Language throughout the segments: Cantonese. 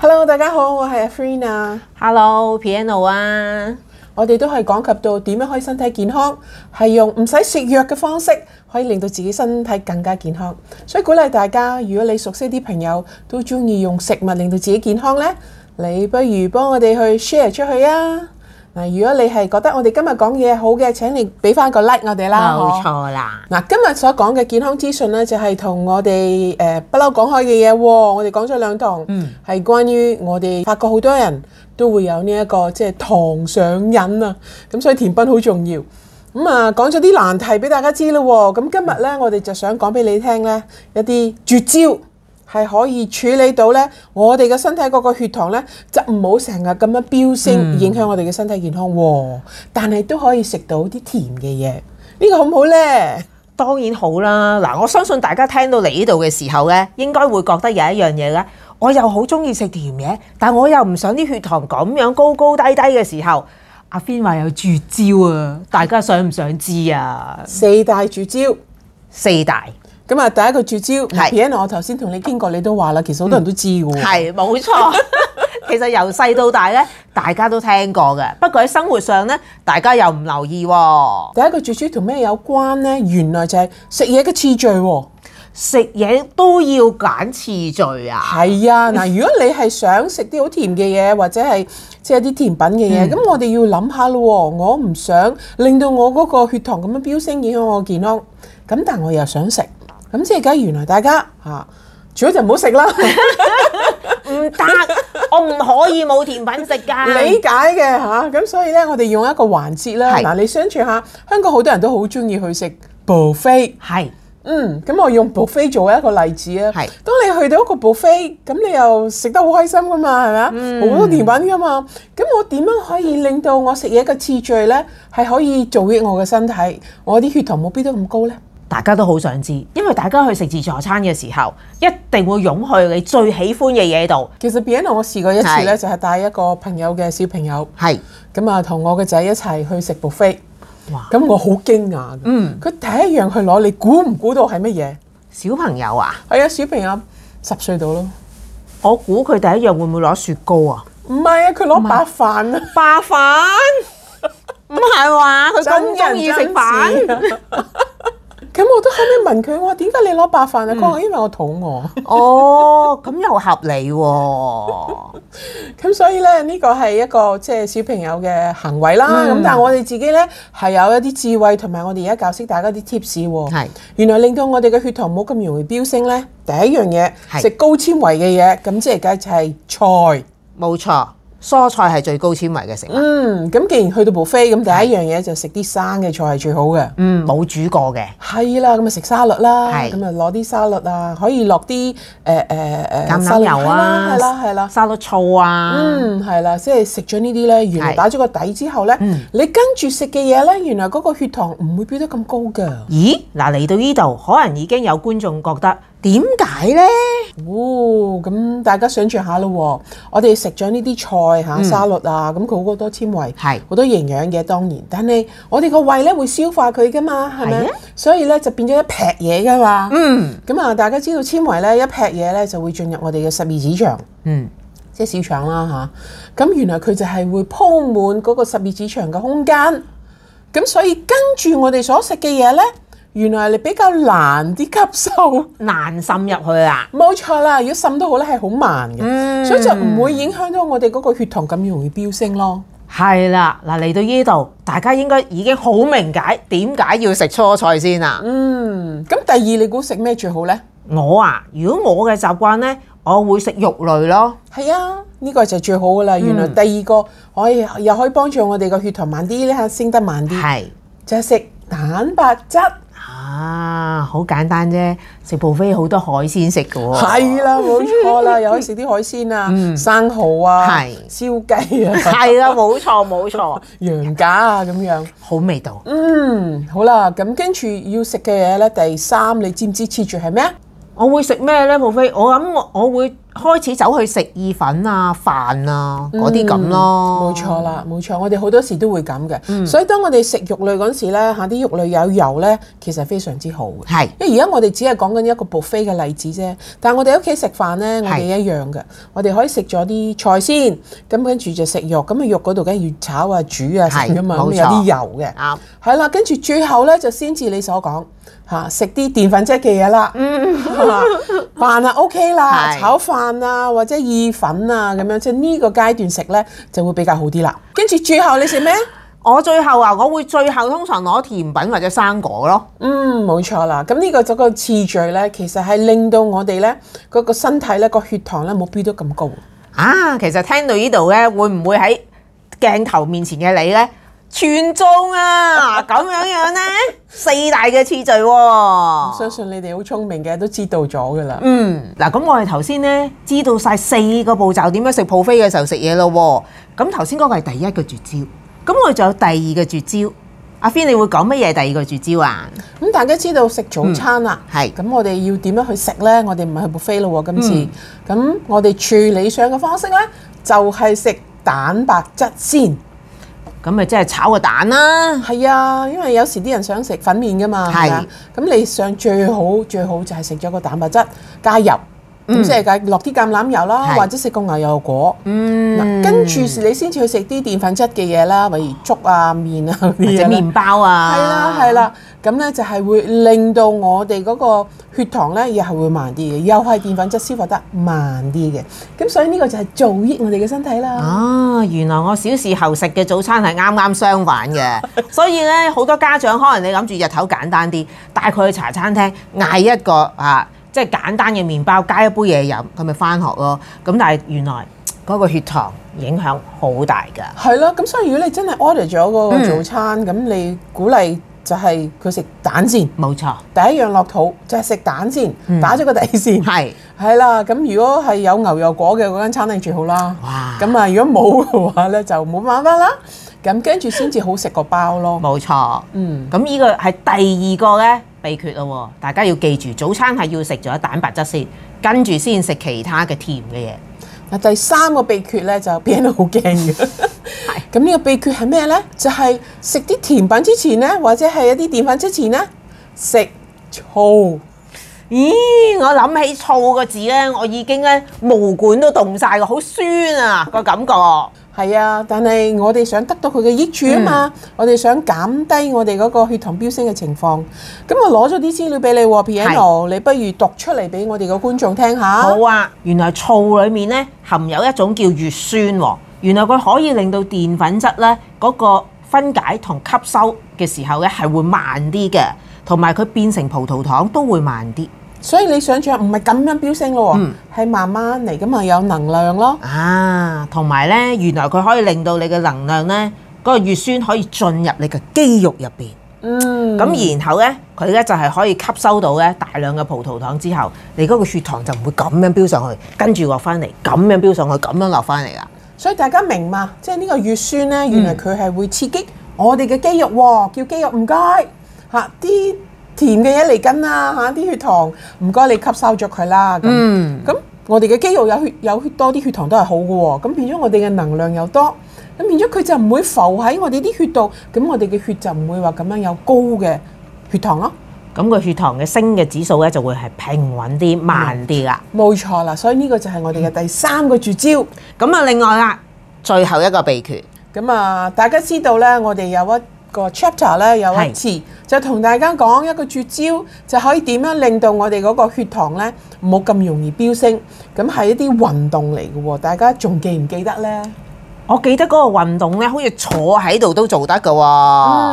Hello，大家好，我係 Afrina。Hello，Piano 啊，我哋都係講及到點樣可以身體健康，係用唔使食藥嘅方式，可以令到自己身體更加健康。所以鼓勵大家，如果你熟悉啲朋友都中意用食物令到自己健康咧，你不如幫我哋去 share 出去啊！嗱，如果你係覺得我哋今日講嘢好嘅，請你俾翻個 like 我哋啦，冇錯啦。嗱，今日所講嘅健康資訊呢，就係同我哋誒不嬲講開嘅嘢喎。我哋講咗兩堂，嗯，係關於我哋發覺好多人都會有呢一個即係糖上癮啊。咁所以甜品好重要咁啊，講咗啲難題俾大家知咯。咁今日呢，我哋就想講俾你聽呢一啲絕招。係可以處理到呢，我哋嘅身體個個血糖呢，就唔好成日咁樣飆升，影響我哋嘅身體健康。哦、但係都可以食到啲甜嘅嘢，呢、這個好唔好呢？當然好啦！嗱，我相信大家聽到嚟呢度嘅時候呢，應該會覺得有一樣嘢咧，我又好中意食甜嘢，但我又唔想啲血糖咁樣高高低低嘅時候。阿 f 話有絕招啊！大家想唔想知啊？四大絕招，四大。咁啊！第一個絕招，原來是我頭先同你傾過，你都話啦。其實好多人都知嘅喎，係冇錯。 其實由細到大咧，大家都聽過嘅。不過喺生活上咧，大家又唔留意喎。第一個絕招同咩有關咧？原來就係食嘢嘅次序喎。食嘢都要揀次序啊！係啊，嗱，如果你係想食啲好甜嘅嘢，或者係即係啲甜品嘅嘢，咁 我哋要諗下啦。我唔想令到我嗰個血糖咁樣飆升，影響我健康。咁，但我又想食。咁即係，梗係原來大家吓，除咗就唔好食啦，唔得，我唔可以冇甜品食噶。理解嘅吓，咁所以咧，我哋用一個環節啦，嗱，你相處下，香港好多人都好中意去食 buffet，係，嗯，咁我用 buffet 做一個例子啊，係。當你去到一個 buffet，咁你又食得好開心噶嘛，係咪啊？好多甜品噶嘛，咁我點樣可以令到我食嘢嘅次序咧，係可以做益我嘅身體，我啲血糖冇變得咁高咧？大家都好想知，因為大家去食自助餐嘅時候，一定會湧去你最喜歡嘅嘢度。其實邊一我試過一次呢，就係帶一個朋友嘅小朋友，係咁啊，同我個仔一齊去食 buffet。哇！咁我好驚訝，嗯，佢第一樣去攞，你估唔估到係乜嘢？小朋友啊，係啊，小朋友十歲到咯。我估佢第一樣會唔會攞雪糕啊？唔係啊，佢攞白飯啊，白飯，唔係話佢咁中意食飯。 咁我都後尾問佢，我話點解你攞白飯啊？佢話、嗯、因為我肚餓。 哦，咁又合理喎，啊。咁 所以咧，呢個係一個即係小朋友嘅行為啦。咁、嗯、但係我哋自己咧，係有一啲智慧同埋我哋而家教識大家啲 tips 喎。是原來令到我哋嘅血糖冇咁容易飆升咧，第一樣嘢是食高纖維嘅嘢。咁即係而家就係菜，冇錯。蔬菜係最高纖維嘅食物。嗯，咁既然去到 buffet，咁第一樣嘢就食啲生嘅菜係最好嘅。嗯，冇煮過嘅。係啦，咁啊食沙律啦，咁啊攞啲沙律啊，可以落啲誒誒誒橄欖油啊，係啦係啦沙律醋啊，嗯係啦，即係食咗呢啲咧，原來打咗個底之後咧，你跟住食嘅嘢咧，原來嗰個血糖唔會飆得咁高㗎。咦？嗱，嚟到呢度，可能已經有觀眾覺得。點解呢？哦，咁大家想象下咯，我哋食咗呢啲菜吓、啊嗯、沙律啊，咁佢好多纖維，係好是多營養嘅，當然。但係我哋個胃咧會消化佢噶嘛，係咪？啊、所以咧就變咗一劈嘢噶嘛。嗯，咁啊，大家知道纖維咧一劈嘢咧就會進入我哋嘅十二指腸，嗯，即、就、係、是、小腸啦吓。咁、啊啊、原來佢就係會鋪滿嗰個十二指腸嘅空間，咁所以跟住我哋所食嘅嘢呢。原來你比較難啲吸收，難滲入去啊？冇錯啦，如果滲都好咧，係好慢嘅，所以就唔會影響到我哋嗰個血糖咁容易飆升咯。係啦，嗱嚟到呢度，大家應該已經好明解點解要食蔬菜先啊？嗯，咁第二你估食咩最好咧？我啊，如果我嘅習慣咧，我會食肉類咯。係啊，呢個就最好噶啦。原來第二個可以又可以幫助我哋個血糖慢啲咧，升得慢啲。係，就係食蛋白質。啊，好簡單啫！食 buffet 好多海鮮食嘅喎，係啦，冇錯啦，又 可以食啲海鮮啊，嗯、生蠔啊，是燒雞啊，係啦，冇錯冇錯，羊架 啊咁樣，好味道。嗯，好啦，咁跟住要食嘅嘢咧，第三，你知唔知黐住係咩？我會食咩咧 buffet 我諗我我會，開始走去食意粉啊、飯啊嗰啲咁咯，冇、嗯、錯啦，冇錯。我哋好多時都會咁嘅，嗯、所以當我哋食肉類嗰時咧，嚇啲肉類有油咧，其實非常之好嘅。是因為而家我哋只係講緊一個布菲嘅例子啫。但係我哋喺屋企食飯咧，我哋一樣嘅。是我哋可以食咗啲菜先，咁跟住就食肉。咁啊肉嗰度梗係要炒啊、煮啊咁啊，咁有啲油嘅。啱對，係啦，跟住最後咧就先至你所講嚇，食啲澱粉質嘅嘢啦。嗯， 飯啊 OK 啦，炒飯。 啊或者意粉啊咁樣，即係呢個階段食呢就會比較好啲啦。跟住最後你食咩？我最後啊，我會最後通常攞甜品或者生果咯。嗯，冇錯啦。咁呢個個次序呢，其實係令到我哋呢嗰個身體呢個血糖呢冇飆到咁高。啊，其實聽到呢度呢，會唔會喺鏡頭面前嘅你呢？全中啊！咁樣樣呢？ 四大嘅次序，啊，相信你哋好聰明嘅都知道咗噶啦。嗯，嗱，咁我哋頭先呢，知道晒四個步驟點樣食 buffet 嘅時候食嘢咯。咁頭先嗰個係第一個絕招，咁我哋仲有第二個絕招。阿飛，你會講乜嘢？第二個絕招啊？咁大家知道食早餐啦，係咁我哋要點樣去食呢？我哋唔係去 buffet 咯，今次咁、嗯、我哋處理上嘅方式呢，就係、是、食蛋白質先。咁咪即係炒個蛋啦、啊，係啊，因為有時啲人想食粉麵㗎嘛，係是啊，咁你想最好最好就係食咗個蛋白質加入。咁、嗯、即係落啲橄欖油啦，是或者食個牛油果。嗯，跟住係你先至去食啲澱粉質嘅嘢啦，例如粥啊、麵啊，或者麵包啊。係啦，係啦，咁呢就係會令到我哋嗰個血糖呢，又係會慢啲嘅，又係澱粉質消化得慢啲嘅。咁所以呢個就係造益我哋嘅身體啦。啊，原來我小時候食嘅早餐係啱啱相反嘅， 所以呢，好多家長可能你諗住日頭簡單啲，帶佢去茶餐廳嗌一個啊。即係簡單嘅麵包加一杯嘢飲，佢咪翻學咯。咁但係原來嗰個血糖影響好大㗎。係咯，咁所以如果你真係 order 咗嗰個早餐，咁你鼓勵就係佢食蛋先，冇錯，第一樣落肚就係食蛋先，打咗個底線。係係啦，咁如果係有牛油果嘅嗰間餐廳最好啦。哇！咁啊，如果冇嘅話咧，就冇辦法啦。咁跟住先至好食個包咯。冇錯，嗯。咁呢個係第二個咧。秘訣咯，大家要記住，早餐係要食咗蛋白質先，跟住先食其他嘅甜嘅嘢。嗱，第三個秘訣咧，就變得好驚嘅，係咁呢個秘訣係咩咧？就係食啲甜品之前咧，或者係一啲澱粉之前咧，食醋。咦、嗯，我諗起醋個字咧，我已經咧毛管都凍晒喎，好酸啊個感覺。係啊，但係我哋想得到佢嘅益處啊嘛，嗯、我哋想減低我哋嗰個血糖飆升嘅情況。咁我攞咗啲資料俾你是，Piano，你不如讀出嚟俾我哋個觀眾聽下。好啊，原來醋裡面咧含有一種叫乙酸喎，原來佢可以令到澱粉質咧嗰個分解同吸收嘅時候咧係會慢啲嘅。同埋佢變成葡萄糖都會慢啲，所以你想象唔係咁樣飆升咯，係、嗯、慢慢嚟咁咪有能量咯。啊，同埋呢，原來佢可以令到你嘅能量呢嗰、那個乳酸可以進入你嘅肌肉入邊。嗯，咁然後呢，佢呢就係可以吸收到呢大量嘅葡萄糖之後，你嗰個血糖就唔會咁樣飆上去，跟住落翻嚟，咁樣飆上去，咁樣落翻嚟啊！所以大家明嘛？即係呢個乳酸呢，原來佢係會刺激我哋嘅肌肉喎，嗯、叫肌肉唔該。嚇啲甜嘅嘢嚟緊啦，嚇啲血糖唔該你吸收咗佢啦。咁，咁我哋嘅肌肉有血，有血多啲血糖都係好嘅喎，咁變咗我哋嘅能量又多，咁變咗佢就唔會浮喺我哋啲血度，咁我哋嘅血就唔會話咁樣有高嘅血糖咯，咁個血糖嘅升嘅指數咧，就會係平穩啲慢啲啦，冇錯啦，所以呢個就係我哋嘅第三個絕招。咁啊、嗯、另外啦，最後一個秘訣。咁啊大家知道咧，我哋有一個 chapter 咧有一次就同大家講一個絕招，就可以點樣令到我哋嗰個血糖咧冇咁容易飆升。咁係一啲運動嚟嘅喎，大家仲記唔記得咧？我記得嗰個運動咧，好似坐喺度都做得㗎喎。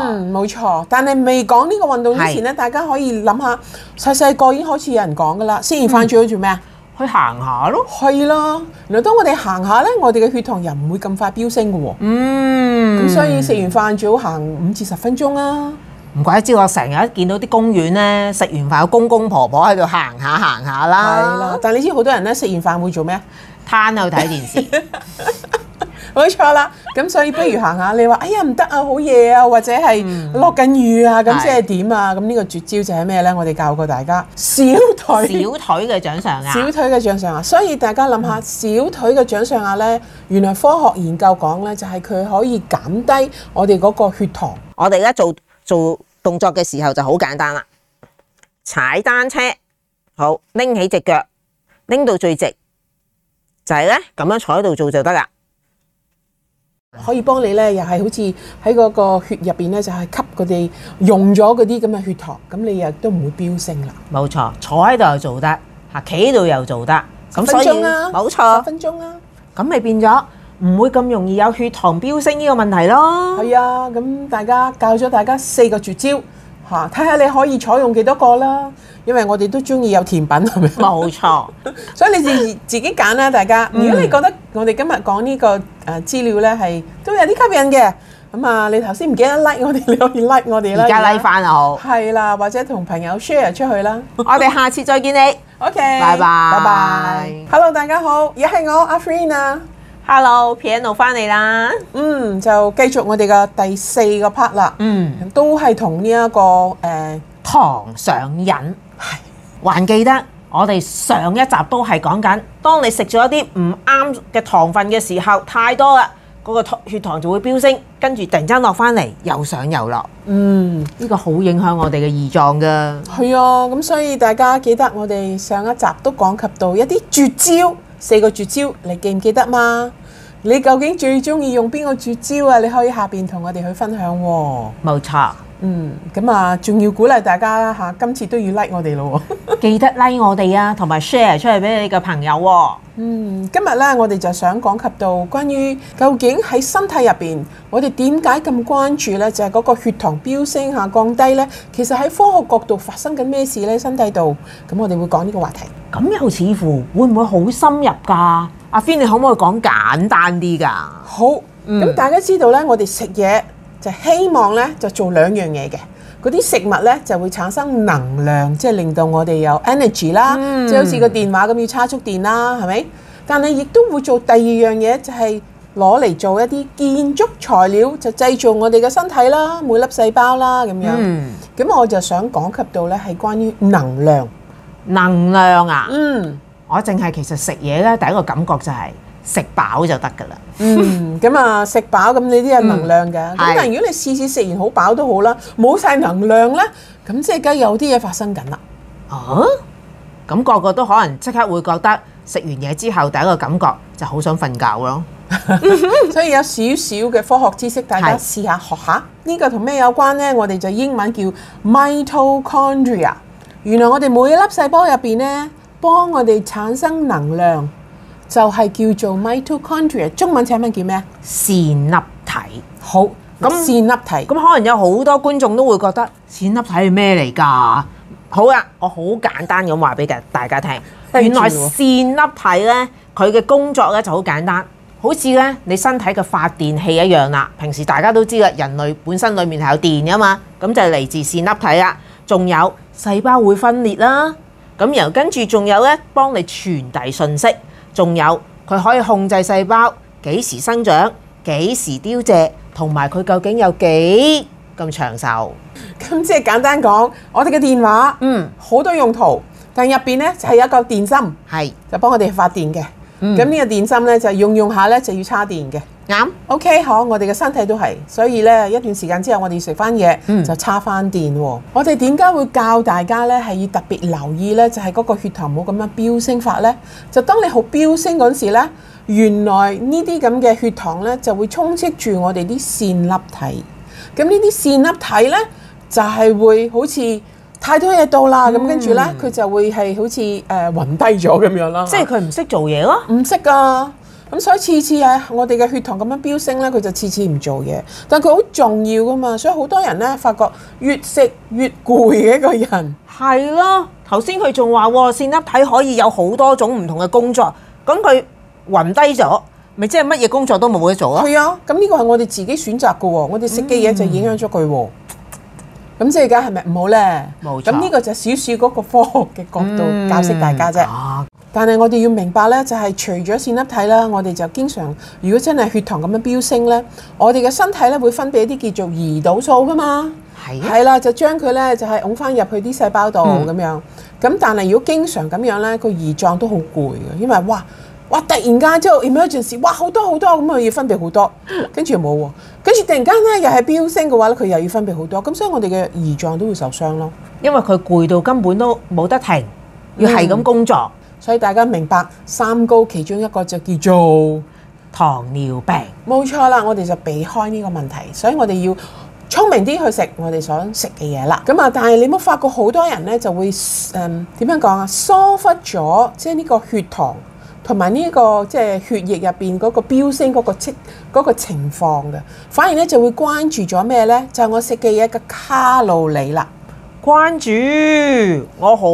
嗯，冇錯。但係未講呢個運動之前咧，大家可以諗下，細細個已經開始有人講㗎啦。食完飯最好做咩啊？去行下咯，係啦。嗱，當我哋行下呢，我哋嘅血糖又唔會咁快飆升嘅喎、哦。嗯，咁所以食完飯最好行五至十分鐘啦、啊。唔怪之我成日一見到啲公園呢，食完飯有公公婆婆喺度行下行下啦。係啦，但係你知好多人呢，食完飯會做咩啊？攤喺度睇電視。冇錯啦，咁所以不如行下。你話：哎呀，唔得啊，好夜啊，或者係落緊雨啊，咁即係點啊？咁呢個絕招就係咩呢？我哋教過大家小腿小腿嘅掌上壓，小腿嘅掌上壓。所以大家諗下，小腿嘅掌上壓呢。原來科學研究講呢，就係佢可以減低我哋嗰個血糖。我哋而家做做動作嘅時候就好簡單啦，踩單車，好拎起隻腳拎到最直，就係呢，咁樣坐喺度做就得啦。可以幫你咧，又係好似喺嗰個血入邊咧，就係、是、吸佢哋溶咗嗰啲咁嘅血糖，咁你又都唔會飆升啦。冇錯，坐喺度又做得，吓，企喺度又做得。咁所以冇錯，分鐘啊，咁咪冇錯、啊、變咗唔會咁容易有血糖飆升呢個問題咯。係啊，咁大家教咗大家四個絕招。嚇！睇下你可以採用幾多個啦，因為我哋都鍾意有甜品，係咪？冇錯，所以你自自己揀啦，大家。如果你覺得我哋今日講呢個誒資料咧係都有啲吸引嘅，咁啊，你頭先唔記得 like 我哋，你可以 like 我哋啦。而家 like 翻啊，好。係啦，或者同朋友 share 出去啦。我哋下次再見你。OK，拜拜，拜拜。Hello，大家好，而家係我阿 Freen 啊。Hello，Piano 翻嚟啦。Hello, 嗯，就繼續我哋嘅第四個 part 啦。嗯，都係同呢、這、一個誒、呃、糖上癮。係，還記得我哋上一集都係講緊，當你食咗一啲唔啱嘅糖分嘅時候，太多啦，嗰、那個血糖就會飆升，跟住突然間落翻嚟，又上又落。嗯，呢、這個好影響我哋嘅胰臟噶。係、嗯這個、啊，咁所以大家記得我哋上一集都講及到一啲絕招。四個絕招，你記唔記得嘛？你究竟最鍾意用邊個絕招啊？你可以下邊同我哋去分享喎。冇錯。嗯，咁啊，仲要鼓勵大家啦吓，今次都要 like 我哋咯，記得 like 我哋啊，同埋 share 出嚟俾你個朋友。嗯，今日咧，我哋就想講及到關於究竟喺身體入邊，我哋點解咁關注咧？就係嗰個血糖飆升吓，降低咧，其實喺科學角度發生緊咩事咧？身體度，咁我哋會講呢個話題。咁又似乎會唔會好深入噶？阿 Fin，你可唔可以講簡單啲噶？好，咁大家知道咧，我哋食嘢。就希望咧，就做兩樣嘢嘅。嗰啲食物咧就會產生能量，即係令到我哋有 energy 啦。即係好似個電話咁要叉足電啦，係咪？但係亦都會做第二樣嘢，就係攞嚟做一啲建築材料，就製造我哋嘅身體啦，每粒細胞啦咁樣。咁我就想講及到咧，係關於能量。能量啊，嗯，我淨係其實食嘢咧，第一個感覺就係。食飽就得噶啦，嗯，咁啊食飽咁你啲有能量㗎，咁、嗯、但係如果你次次食完好飽都好啦，冇晒能量啦，咁即係梗有啲嘢發生緊啦，啊，咁、那個個都可能即刻會覺得食完嘢之後第一個感覺就好想瞓覺咯， 所以有少少嘅科學知識大家試下學下，呢是個同咩有關呢？我哋就英文叫 mitochondria，原來我哋每一粒細胞入邊呢，幫我哋產生能量。就係叫做 mitochondria，中文請問叫咩啊？線粒體。好，咁線粒體。咁可能有好多觀眾都會覺得線粒體係咩嚟㗎？好啊，我好簡單咁話俾大家聽。原來，原來線粒體呢，佢嘅工作呢就好簡單，好似呢你身體嘅發電器一樣啦。平時大家都知啦，人類本身裡面係有電㗎嘛，咁就係嚟自線粒體啦。仲有細胞會分裂啦，咁然後跟住仲有呢，幫你傳遞信息。仲有佢可以控制細胞幾時生長、幾時凋謝，同埋佢究竟有幾咁長壽？咁即係簡單講，我哋嘅電話，嗯，好多用途，但入邊咧就係、是、有一個電芯，係是就幫我哋發電嘅。咁呢、嗯、個電芯咧就用用下咧就要叉電嘅，啱、嗯。OK，好，我哋嘅身體都係，所以咧一段時間之後我哋要食翻嘢就叉翻電。嗯、我哋點解會教大家咧係要特別留意咧？就係、是、嗰個血糖冇咁樣飆升法咧。就當你好飆升嗰時咧，原來呢啲咁嘅血糖咧就會充斥住我哋啲線粒體。咁呢啲線粒體咧就係、是、會好似。太多嘢到啦，咁跟住呢，佢就會係好似誒、呃、暈低咗咁樣啦。即係佢唔識做嘢咯，唔識啊！咁、嗯、所以次次、啊、誒，我哋嘅血糖咁樣飆升呢，佢就次次唔做嘢。但佢好重要噶嘛，所以好多人呢，發覺越食越攰嘅一個人。係咯、啊，頭先佢仲話喎，線粒體可以有好多種唔同嘅工作，咁佢暈低咗，咪即係乜嘢工作都冇得做咯。係啊，咁呢個係我哋自己選擇嘅喎，我哋食嘅嘢就影響咗佢喎。咁即係而家係咪唔好咧？冇錯。咁呢個就少少嗰個科學嘅角度、嗯、教識大家啫。的但係我哋要明白咧，就係除咗線粒體啦，我哋就經常如果真係血糖咁樣飆升咧，我哋嘅身體咧會分泌一啲叫做胰島素噶嘛。係嗎。係啦，就將佢咧就係拱翻入去啲細胞度咁、嗯、樣。咁但係如果經常咁樣咧，個胰臟都好攰嘅，因為哇～哇！突然間之後 emergency，哇！好多好多咁佢要分泌好多，跟住冇喎，跟住突然間咧又係飆升嘅話咧，佢又要分泌好多，咁所以我哋嘅胰臟都會受傷咯。因為佢攰到根本都冇得停，要係咁工作、嗯，所以大家明白三高其中一個就叫做糖尿病。冇錯啦，我哋就避開呢個問題，所以我哋要聰明啲去食我哋想食嘅嘢啦。咁、嗯、啊，但係你冇發覺好多人咧就會誒點、嗯、樣講啊？疏忽咗即係呢個血糖。同埋呢個即係血液入邊嗰個飆升嗰個情況嘅，反而咧就會關注咗咩咧？就係、是、我食嘅嘢嘅卡路里啦。關注我好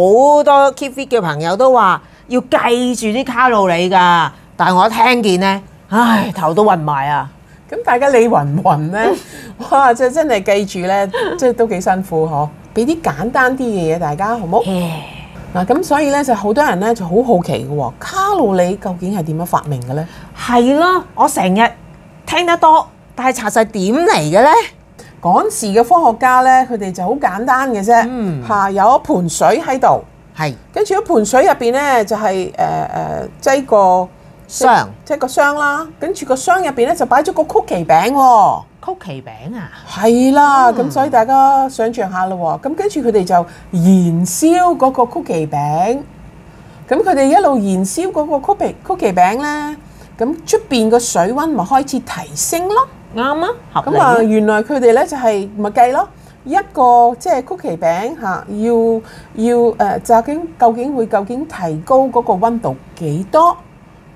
多 keep fit 嘅朋友都話要記住啲卡路里㗎，但係我聽見咧，唉，頭都暈埋啊！咁 大家你暈唔暈咧？ 哇！即係真係記住咧，即係都幾辛苦嗬，俾啲簡單啲嘅嘢大家好唔好？嗱咁 Yeah.、啊、所以咧就好多人咧就好好奇嘅喎。卡路里究竟係點樣發明嘅咧？係啦的，我成日聽得多，但係查實點嚟嘅咧？嗰時嘅科學家咧，佢哋就好簡單嘅啫，吓、嗯啊、有一盆水喺度，係跟住一盆水入邊咧就係誒誒擠個箱，即係個箱啦，跟住個箱入邊咧就擺咗個曲奇餅、啊，曲奇餅啊，係啦的，咁、嗯、所以大家想象下咯，咁跟住佢哋就燃燒嗰個曲奇餅。咁佢哋一路燃燒嗰個曲奇曲奇餅咧，咁出邊個水温咪開始提升咯，啱啊！咁啊，原來佢哋咧就係咪計咯？一個即係曲奇餅嚇，要要誒，究竟究竟會究竟提高嗰個温度幾多？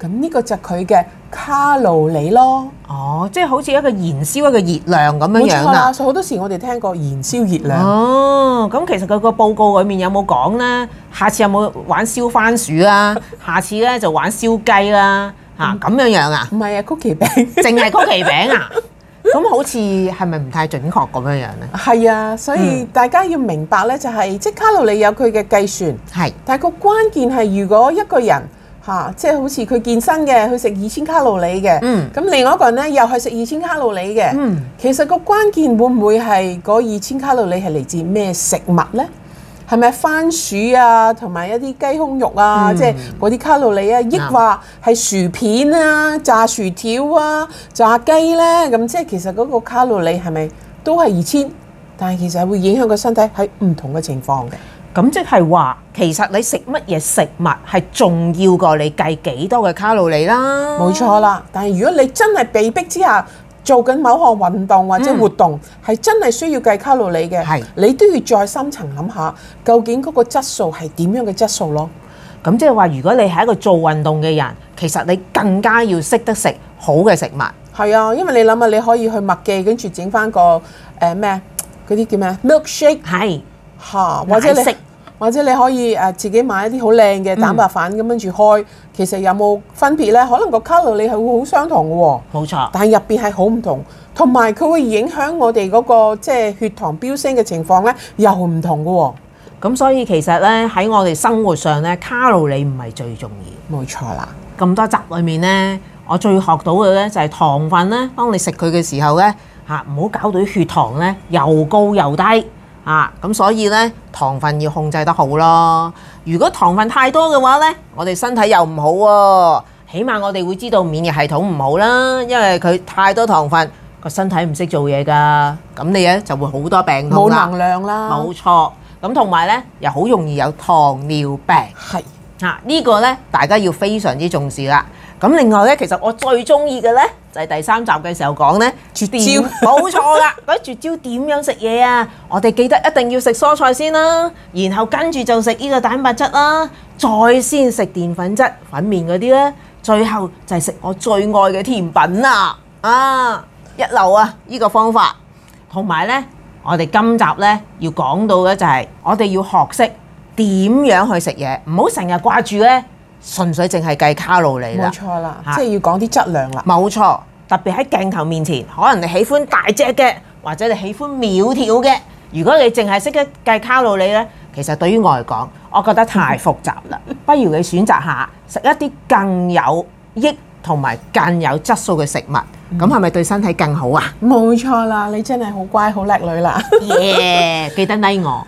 咁呢個就係佢嘅卡路里咯，哦，即係好似一個燃燒一個熱量咁樣樣啦。好多時我哋聽過燃燒熱量。哦，咁其實佢個報告裏面有冇講咧？下次有冇玩燒番薯啦、啊？下次咧就玩燒雞啦，嚇咁樣樣啊？唔係啊，曲奇餅，淨 係曲奇餅啊？咁 好似係咪唔太準確咁樣樣咧？係啊，所以大家要明白咧、就是，就係即係卡路里有佢嘅計算，係、嗯，但係個關鍵係如果一個人。嚇、啊，即係好似佢健身嘅，去食二千卡路里嘅。嗯。咁另外一個人咧，又去食二千卡路里嘅。嗯。其實個關鍵會唔會係嗰二千卡路里係嚟自咩食物咧？係咪番薯啊，同埋一啲雞胸肉啊，嗯、即係嗰啲卡路里啊？抑或係薯片啊、炸薯條啊、炸雞咧？咁即係其實嗰個卡路里係咪都係二千？但係其實係會影響個身體喺唔同嘅情況嘅。咁即係話，其實你食乜嘢食物係重要過你計幾多嘅卡路里啦。冇錯啦，但係如果你真係被逼之下做緊某項運動或者活動，係、嗯、真係需要計卡路里嘅，是你都要再深層諗下，究竟嗰個質素係點樣嘅質素咯？咁即係話，如果你係一個做運動嘅人，其實你更加要識得食好嘅食物。係啊，因為你諗下，你可以去麥記，跟住整翻個誒咩嗰啲叫咩 milkshake 係嚇，呃、是或者你。或者你可以誒自己買一啲好靚嘅蛋白粉咁跟住開，其實有冇分別呢？可能個卡路里係會好相同嘅喎，冇錯。但係入邊係好唔同，同埋佢會影響我哋嗰個即係血糖飆升嘅情況呢，又唔同嘅喎。咁所以其實呢，喺我哋生活上呢，卡路里唔係最重要。冇錯啦。咁多集裏面呢，我最學到嘅呢就係糖分呢，當你食佢嘅時候呢，嚇唔好搞到血糖呢又高又低。啊，咁所以呢，糖分要控制得好咯。如果糖分太多嘅話呢，我哋身體又唔好喎。起碼我哋會知道免疫系統唔好啦，因為佢太多糖分，個身體唔識做嘢㗎。咁你咧就會好多病痛啦。冇能量啦。冇錯。咁同埋呢，又好容易有糖尿病。係。嗱，呢個呢，大家要非常之重視啦。咁另外咧，其實我最中意嘅咧，就係第三集嘅時候講咧絕招，冇錯啦！嗰啲絕招點樣食嘢啊？我哋記得一定要食蔬菜先啦，然後跟住就食呢個蛋白質啦，再先食澱粉質粉麵嗰啲咧，最後就係食我最愛嘅甜品啦！啊，一流啊！呢個方法，同埋咧，我哋今集咧要講到嘅就係我哋要學識點樣去食嘢，唔好成日掛住咧。純粹淨係計卡路里啦，冇錯啦，即係要講啲質量啦。冇錯，特別喺鏡頭面前，可能你喜歡大隻嘅，或者你喜歡苗條嘅。如果你淨係識得計卡路里呢，其實對於我嚟講，我覺得太複雜啦。不如你選擇下食一啲更有益同埋更有質素嘅食物，咁係咪對身體更好啊？冇錯啦，你真係好乖好叻女啦，耶，記得拉我。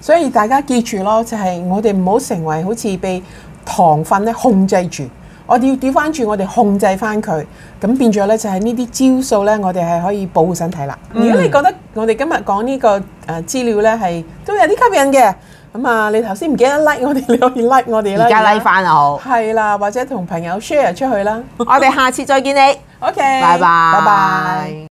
所以大家記住咯，就係我哋唔好成為好似被糖分咧控制住，我調調翻轉，我哋控制翻佢，咁變咗咧就係呢啲招數咧，我哋係可以保護身體啦。嗯、如果你覺得我哋今日講呢個誒資料咧係都有啲吸引嘅，咁啊，你頭先唔記得 like 我哋，你可以 like 我哋啦。而家 like 翻啊好。係啦，或者同朋友 share 出去啦。 我哋下次再見你。OK，拜拜 bye。Bye bye。